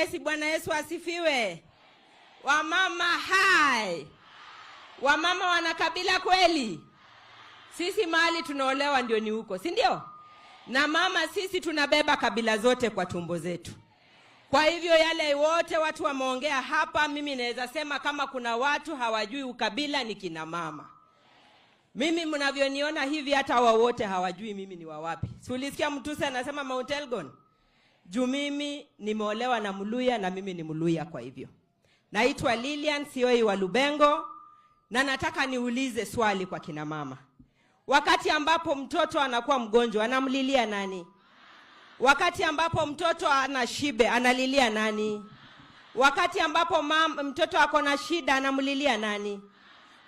West. Bwana Yesu asifiwe. Wamama hai, wamama wana kabila kweli. Sisi mahali tunaolewa ndio ni huko, si ndio? Na mama, sisi tunabeba kabila zote kwa tumbo zetu. Kwa hivyo yale wote watu wameongea hapa, mimi naweza sema kama kuna watu hawajui ukabila ni kina mama. Mimi mnavyoniona hivi, hata wao wote hawajui mimi ni wa wapi. Si ulisikia anasema Mount Elgon? juu mimi nimeolewa na Mluya na mimi ni Mluya, kwa hivyo naitwa Lilian Sioi wa Lubengo, na nataka niulize swali kwa kina mama. Wakati ambapo mtoto anakuwa mgonjwa anamlilia nani? Wakati ambapo mtoto ana shibe analilia nani? Wakati ambapo mam, mtoto ako na shida anamlilia nani?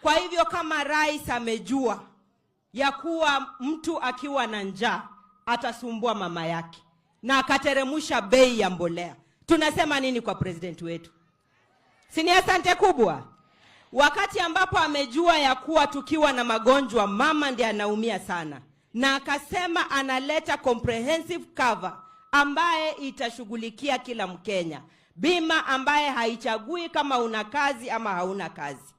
Kwa hivyo kama rais amejua ya kuwa mtu akiwa na njaa atasumbua mama yake na akateremusha bei ya mbolea. Tunasema nini kwa president wetu? Si ni asante kubwa, wakati ambapo amejua ya kuwa tukiwa na magonjwa mama ndiye anaumia sana, na akasema analeta comprehensive cover ambaye itashughulikia kila Mkenya, bima ambaye haichagui kama una kazi ama hauna kazi,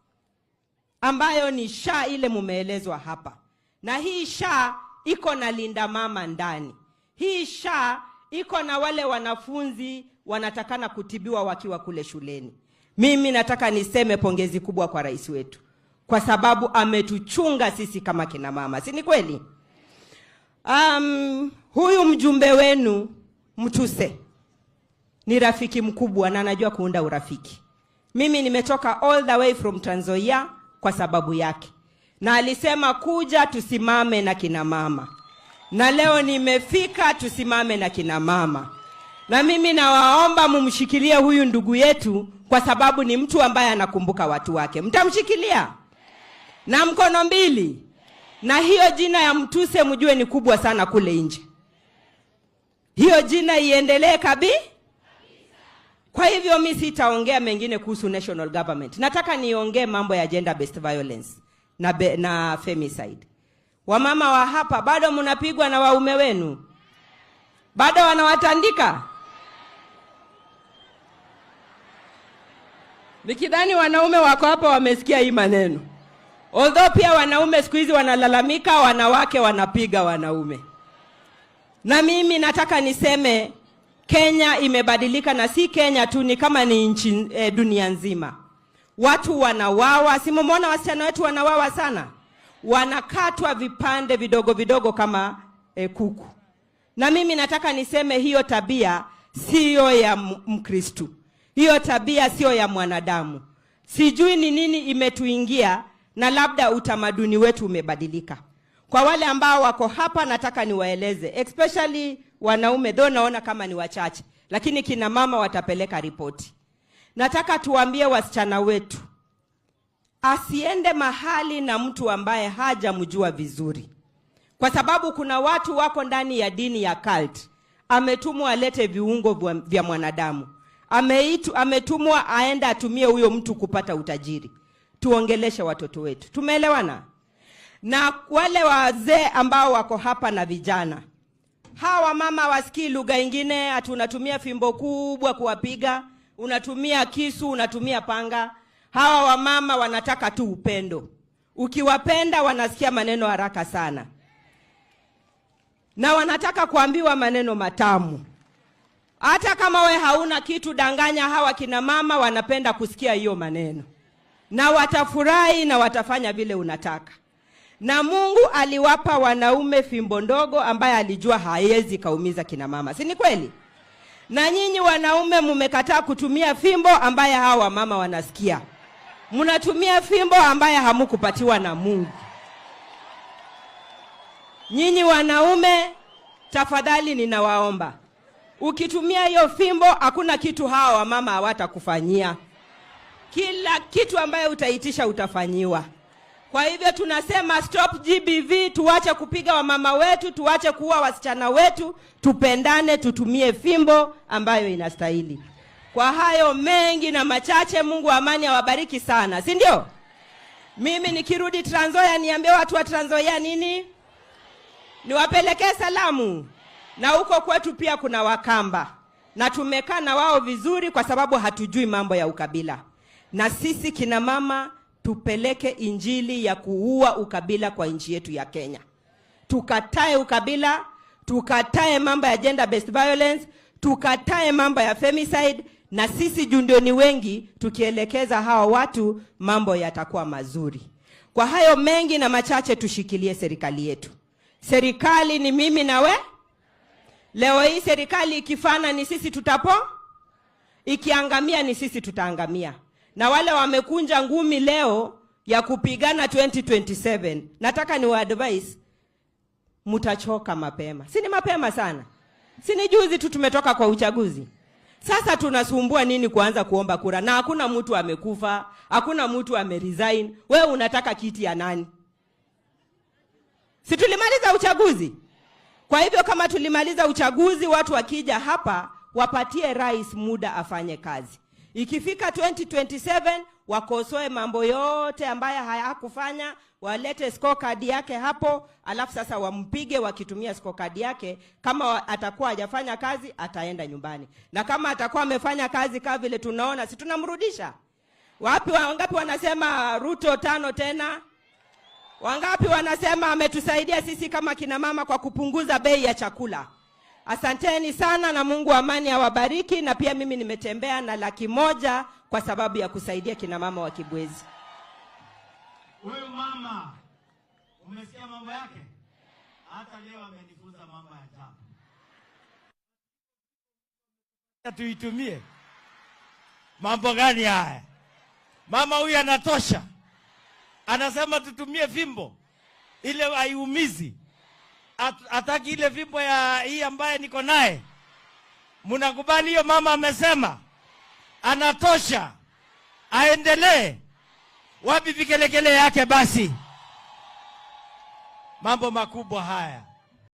ambayo ni sha ile mumeelezwa hapa, na hii sha iko na linda mama ndani. Hii sha iko na wale wanafunzi wanatakana kutibiwa wakiwa kule shuleni. Mimi nataka niseme pongezi kubwa kwa rais wetu kwa sababu ametuchunga sisi kama kina mama, si ni kweli? Um, huyu mjumbe wenu Mtuse ni rafiki mkubwa na anajua kuunda urafiki. Mimi nimetoka all the way from Trans Nzoia kwa sababu yake, na alisema kuja tusimame na kina mama na leo nimefika tusimame na kina mama, na mimi nawaomba mumshikilie huyu ndugu yetu, kwa sababu ni mtu ambaye anakumbuka watu wake. Mtamshikilia na mkono mbili, na hiyo jina ya Mtuse mjue ni kubwa sana kule nje. Hiyo jina iendelee kabi. Kwa hivyo mi sitaongea mengine kuhusu national government. Nataka niongee mambo ya gender based violence na, be, na femicide. Wamama wa hapa bado mnapigwa na waume wenu, bado wanawatandika nikidhani wanaume wako hapa wamesikia hii maneno. Although pia wanaume siku hizi wanalalamika, wanawake wanapiga wanaume. Na mimi nataka niseme Kenya imebadilika, na si Kenya tu, ni kama ni nchi e, dunia nzima. Watu wanawawa, simumwona wasichana wetu wanawawa sana wanakatwa vipande vidogo vidogo kama e, kuku. Na mimi nataka niseme hiyo tabia siyo ya Mkristu, hiyo tabia siyo ya mwanadamu. Sijui ni nini imetuingia, na labda utamaduni wetu umebadilika. Kwa wale ambao wako hapa, nataka niwaeleze especially wanaume, do naona kama ni wachache, lakini kina mama watapeleka ripoti. Nataka tuwaambie wasichana wetu asiende mahali na mtu ambaye hajamjua vizuri, kwa sababu kuna watu wako ndani ya dini ya cult. Ametumwa alete viungo vya mwanadamu, ameitu ametumwa aende atumie huyo mtu kupata utajiri. Tuongeleshe watoto wetu, tumeelewana? Na wale wazee ambao wako hapa na vijana hawa, mama wasikii lugha ingine, ati unatumia fimbo kubwa kuwapiga, unatumia kisu, unatumia panga Hawa wamama wanataka tu upendo. Ukiwapenda wanasikia maneno haraka sana, na wanataka kuambiwa maneno matamu. Hata kama we hauna kitu, danganya hawa kina mama, wanapenda kusikia hiyo maneno, na watafurahi na watafanya vile unataka. Na Mungu aliwapa wanaume fimbo ndogo ambaye alijua haiwezi kaumiza kina mama, si ni kweli? Na nyinyi wanaume mmekataa kutumia fimbo ambaye hawa wamama wanasikia mnatumia fimbo ambayo hamukupatiwa na Mungu. Nyinyi wanaume, tafadhali ninawaomba, ukitumia hiyo fimbo, hakuna kitu hawa wamama hawatakufanyia. Kila kitu ambayo utaitisha utafanyiwa. Kwa hivyo tunasema stop GBV, tuache kupiga wamama wetu, tuache kuua wasichana wetu, tupendane, tutumie fimbo ambayo inastahili. Kwa hayo mengi na machache, Mungu amani awabariki sana, si ndio? Mimi nikirudi Trans Nzoia niambie watu wa Trans Nzoia nini, niwapelekee salamu. Na huko kwetu pia kuna Wakamba na tumekaa na wao vizuri, kwa sababu hatujui mambo ya ukabila. Na sisi kina mama tupeleke injili ya kuua ukabila kwa nchi yetu ya Kenya. Tukatae ukabila, tukatae mambo ya gender based violence, tukatae mambo ya femicide na sisi jundoni wengi, tukielekeza hawa watu mambo yatakuwa mazuri. Kwa hayo mengi na machache, tushikilie serikali yetu. Serikali ni mimi na we. Leo hii serikali ikifana ni sisi tutapo, ikiangamia ni sisi tutaangamia. Na wale wamekunja ngumi leo ya kupigana 2027 nataka ni advice, mtachoka mapema. Si ni mapema sana? Si ni juzi tu tumetoka kwa uchaguzi. Sasa tunasumbua nini kuanza kuomba kura na hakuna mtu amekufa, hakuna mtu ameresign. Wewe unataka kiti ya nani? Si tulimaliza uchaguzi? Kwa hivyo kama tulimaliza uchaguzi, watu wakija hapa wapatie rais muda afanye kazi. Ikifika 2027 wakosoe mambo yote ambayo hayakufanya, walete scorecard yake hapo, alafu sasa wampige wakitumia scorecard yake. Kama atakuwa hajafanya kazi, ataenda nyumbani, na kama atakuwa amefanya kazi kama vile tunaona, si tunamrudisha. Wapi wangapi wanasema Ruto tano tena? Wangapi wanasema ametusaidia sisi kama kinamama kwa kupunguza bei ya chakula? Asanteni sana na Mungu amani awabariki. Na pia mimi nimetembea na laki moja kwa sababu ya kusaidia kina mama wa Kibwezi. Huyu mama umesikia mambo yake, hata leo amenifunza mambo ya ajabu. Tuitumie mambo gani haya? Mama huyu anatosha, anasema tutumie fimbo ile haiumizi hataki ile fimbo ya hii ambaye niko naye. Mnakubali hiyo? Mama amesema anatosha, aendelee. Wapi vikelekele yake? Basi mambo makubwa haya.